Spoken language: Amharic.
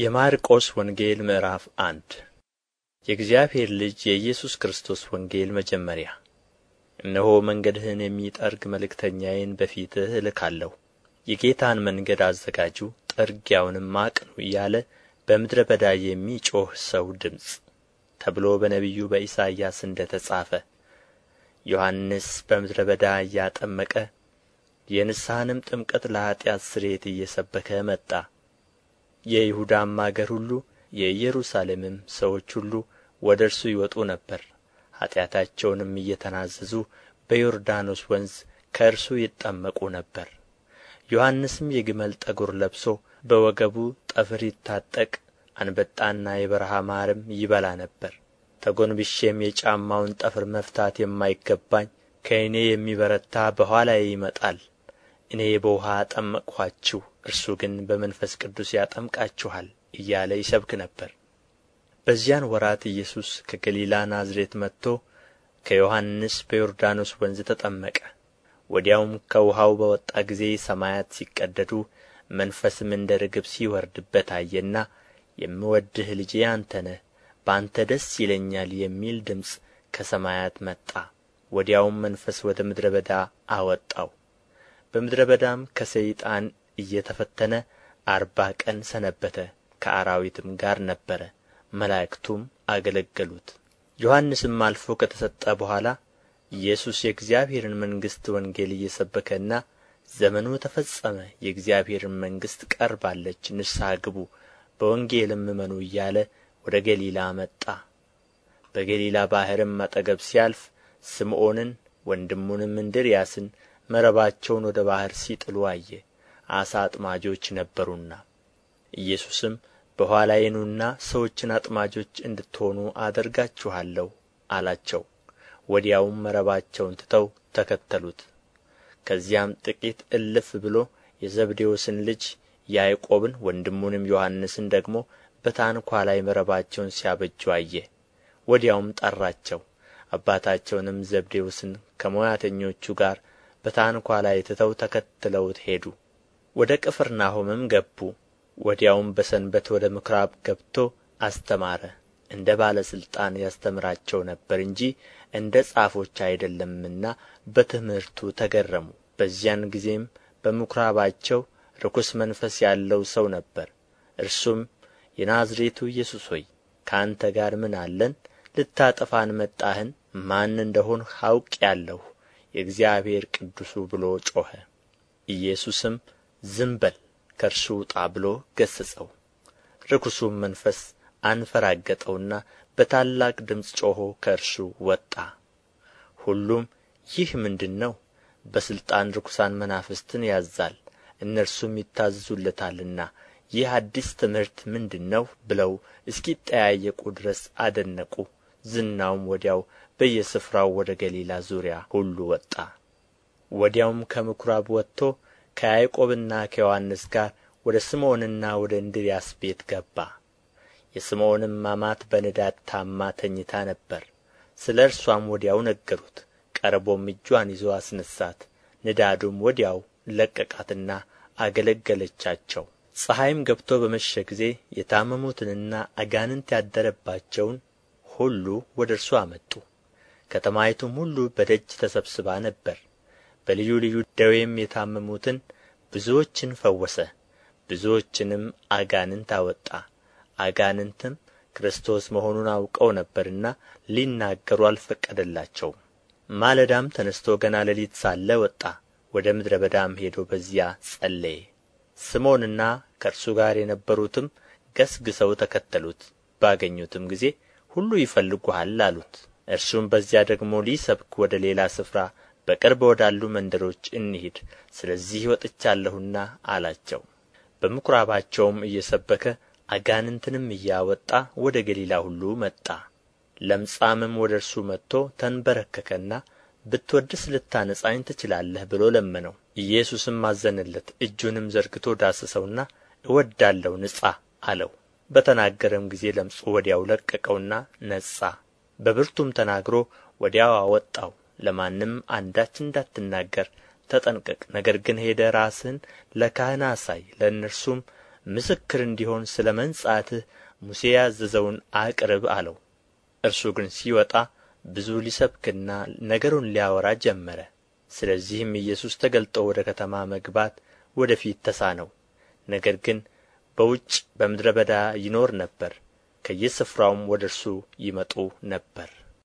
የማርቆስ ወንጌል ምዕራፍ አንድ የእግዚአብሔር ልጅ የኢየሱስ ክርስቶስ ወንጌል መጀመሪያ። እነሆ መንገድህን የሚጠርግ መልእክተኛዬን በፊትህ እልካለሁ፣ የጌታን መንገድ አዘጋጁ፣ ጥርጊያውንም አቅኑ እያለ በምድረ በዳ የሚጮህ ሰው ድምፅ ተብሎ በነቢዩ በኢሳይያስ እንደ ተጻፈ፣ ዮሐንስ በምድረ በዳ እያጠመቀ የንስሐንም ጥምቀት ለኀጢአት ስርየት እየሰበከ መጣ የይሁዳም አገር ሁሉ የኢየሩሳሌምም ሰዎች ሁሉ ወደ እርሱ ይወጡ ነበር ኃጢአታቸውንም እየተናዘዙ በዮርዳኖስ ወንዝ ከእርሱ ይጠመቁ ነበር ዮሐንስም የግመል ጠጉር ለብሶ በወገቡ ጠፍር ይታጠቅ አንበጣና የበረሃ ማርም ይበላ ነበር ተጎንብሼም የጫማውን ጠፍር መፍታት የማይገባኝ ከእኔ የሚበረታ በኋላዬ ይመጣል እኔ በውኃ አጠመቅኋችሁ እርሱ ግን በመንፈስ ቅዱስ ያጠምቃችኋል እያለ ይሰብክ ነበር በዚያን ወራት ኢየሱስ ከገሊላ ናዝሬት መጥቶ ከዮሐንስ በዮርዳኖስ ወንዝ ተጠመቀ ወዲያውም ከውሃው በወጣ ጊዜ ሰማያት ሲቀደዱ መንፈስም እንደ ርግብ ሲወርድበት አየና የምወድህ ልጄ አንተ ነህ በአንተ ደስ ይለኛል የሚል ድምፅ ከሰማያት መጣ ወዲያውም መንፈስ ወደ ምድረ በዳ አወጣው በምድረ በዳም ከሰይጣን እየተፈተነ አርባ ቀን ሰነበተ ከአራዊትም ጋር ነበረ መላእክቱም አገለገሉት ዮሐንስም አልፎ ከተሰጠ በኋላ ኢየሱስ የእግዚአብሔርን መንግሥት ወንጌል እየሰበከና ዘመኑ ተፈጸመ የእግዚአብሔርን መንግሥት ቀርባለች ንስሐ ግቡ በወንጌልም እመኑ እያለ ወደ ገሊላ መጣ በገሊላ ባሕርም አጠገብ ሲያልፍ ስምዖንን ወንድሙንም እንድርያስን መረባቸውን ወደ ባሕር ሲጥሉ አየ ዓሣ አጥማጆች ነበሩና ኢየሱስም በኋላዬ ኑና ሰዎችን አጥማጆች እንድትሆኑ አደርጋችኋለሁ አላቸው ወዲያውም መረባቸውን ትተው ተከተሉት ከዚያም ጥቂት እልፍ ብሎ የዘብዴዎስን ልጅ ያዕቆብን ወንድሙንም ዮሐንስን ደግሞ በታንኳ ላይ መረባቸውን ሲያበጁ አየ ወዲያውም ጠራቸው አባታቸውንም ዘብዴዎስን ከሞያተኞቹ ጋር በታንኳ ላይ ትተው ተከትለውት ሄዱ ወደ ቅፍርናሆምም ገቡ ወዲያውም በሰንበት ወደ ምኵራብ ገብቶ አስተማረ እንደ ባለ ሥልጣን ያስተምራቸው ነበር እንጂ እንደ ጻፎች አይደለምና በትምህርቱ ተገረሙ በዚያን ጊዜም በምኵራባቸው ርኩስ መንፈስ ያለው ሰው ነበር። እርሱም የናዝሬቱ ኢየሱስ ሆይ ከአንተ ጋር ምን አለን ልታጠፋን መጣህን ማን እንደሆን አውቅ ያለሁ የእግዚአብሔር ቅዱሱ ብሎ ጮኸ ኢየሱስም ዝም በል ከእርሱ ውጣ ብሎ ገሠጸው ርኵሱም መንፈስ አንፈራገጠውና በታላቅ ድምፅ ጮኾ ከእርሱ ወጣ ሁሉም ይህ ምንድን ነው በሥልጣን ርኵሳን መናፍስትን ያዛል። እነርሱም ይታዘዙለታልና ይህ አዲስ ትምህርት ምንድን ነው ብለው እስኪጠያየቁ ድረስ አደነቁ ዝናውም ወዲያው በየስፍራው ወደ ገሊላ ዙሪያ ሁሉ ወጣ ወዲያውም ከምኵራብ ወጥቶ ከያዕቆብና ከዮሐንስ ጋር ወደ ስምዖንና ወደ እንድርያስ ቤት ገባ የስምዖንም አማት በንዳድ ታማ ተኝታ ነበር ስለ እርሷም ወዲያው ነገሩት ቀርቦም እጇን ይዞ አስነሣት ንዳዱም ወዲያው ለቀቃትና አገለገለቻቸው ፀሐይም ገብቶ በመሸ ጊዜ የታመሙትንና አጋንንት ያደረባቸውን ሁሉ ወደ እርሱ አመጡ ከተማይቱም ሁሉ በደጅ ተሰብስባ ነበር በልዩ ልዩ ደዌም የታመሙትን ብዙዎችን ፈወሰ ብዙዎችንም አጋንንት አወጣ አጋንንትም ክርስቶስ መሆኑን አውቀው ነበርና ሊናገሩ አልፈቀደላቸውም ማለዳም ተነስቶ ገና ሌሊት ሳለ ወጣ ወደ ምድረ በዳም ሄዶ በዚያ ጸለየ ስምዖንና ከእርሱ ጋር የነበሩትም ገስግሰው ተከተሉት ባገኙትም ጊዜ ሁሉ ይፈልጉሃል አሉት እርሱም በዚያ ደግሞ ሊሰብክ ወደ ሌላ ስፍራ በቅርብ ወዳሉ መንደሮች እንሂድ ስለዚህ ወጥቻለሁና አላቸው በምኵራባቸውም እየሰበከ አጋንንትንም እያወጣ ወደ ገሊላ ሁሉ መጣ ለምጻምም ወደ እርሱ መጥቶ ተንበረከከና ብትወድስ ልታነጻኝ ትችላለህ ብሎ ለመነው ኢየሱስም አዘነለት እጁንም ዘርግቶ ዳሰሰውና እወዳለሁ ንጻ አለው በተናገረም ጊዜ ለምጹ ወዲያው ለቀቀውና ነጻ በብርቱም ተናግሮ ወዲያው አወጣው ለማንም አንዳች እንዳትናገር ተጠንቀቅ ነገር ግን ሄደ ራስህን ለካህን አሳይ ለእነርሱም ምስክር እንዲሆን ስለ መንጻትህ ሙሴ ያዘዘውን አቅርብ አለው እርሱ ግን ሲወጣ ብዙ ሊሰብክና ነገሩን ሊያወራ ጀመረ ስለዚህም ኢየሱስ ተገልጦ ወደ ከተማ መግባት ወደ ፊት ተሳነው ነገር ግን በውጭ በምድረ በዳ ይኖር ነበር ከየስፍራውም ወደ እርሱ ይመጡ ነበር